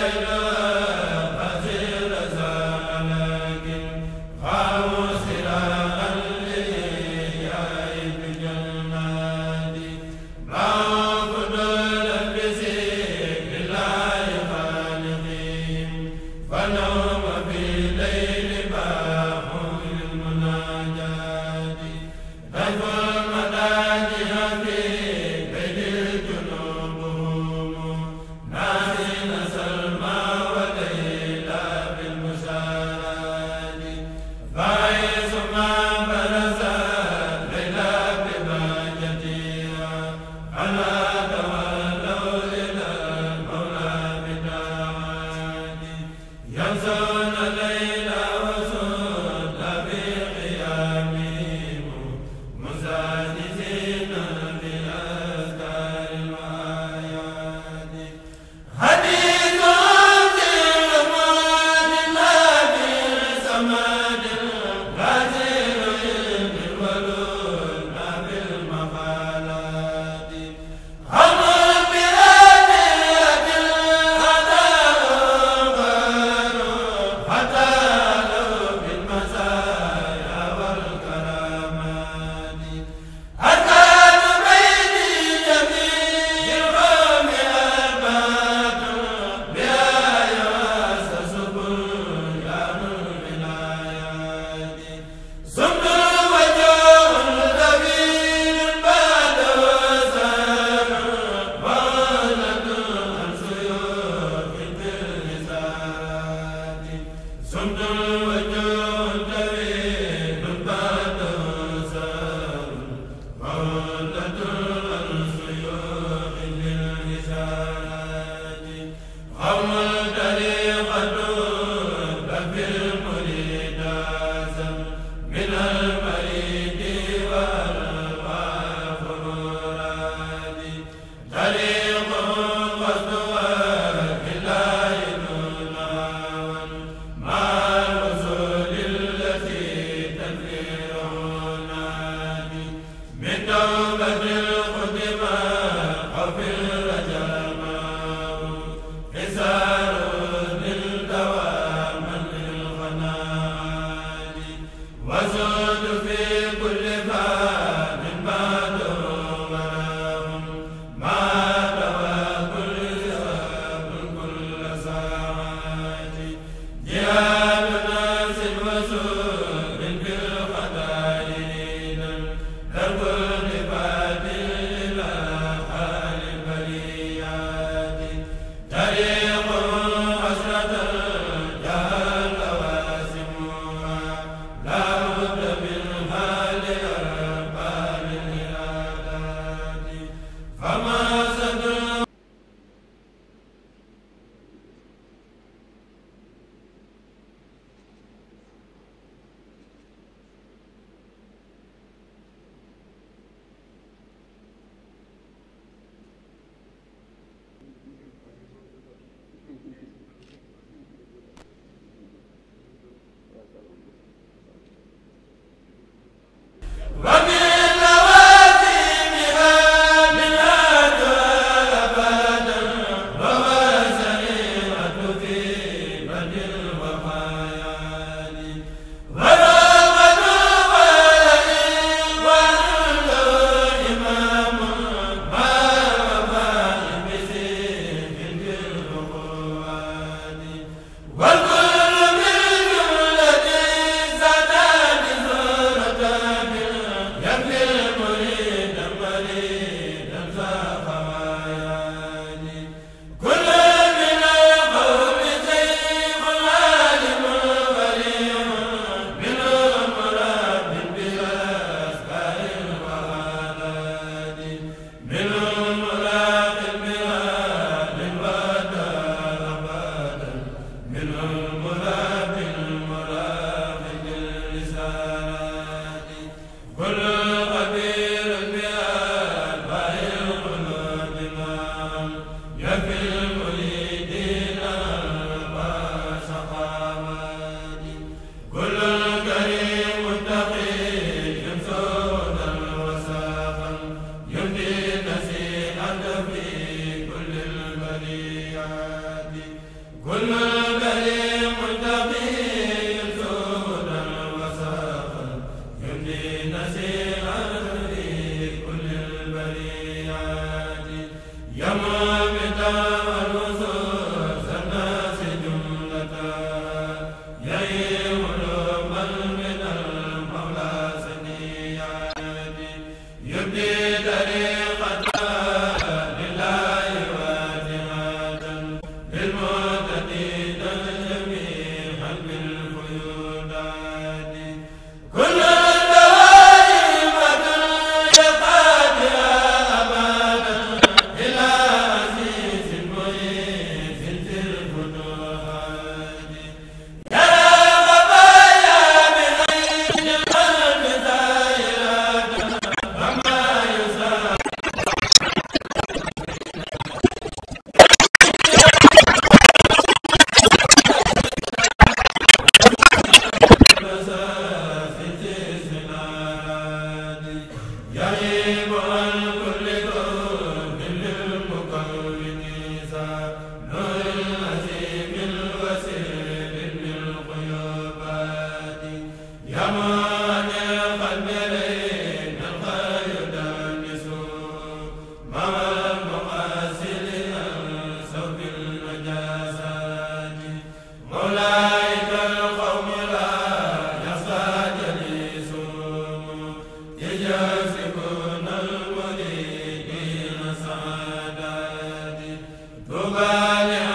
la la amiin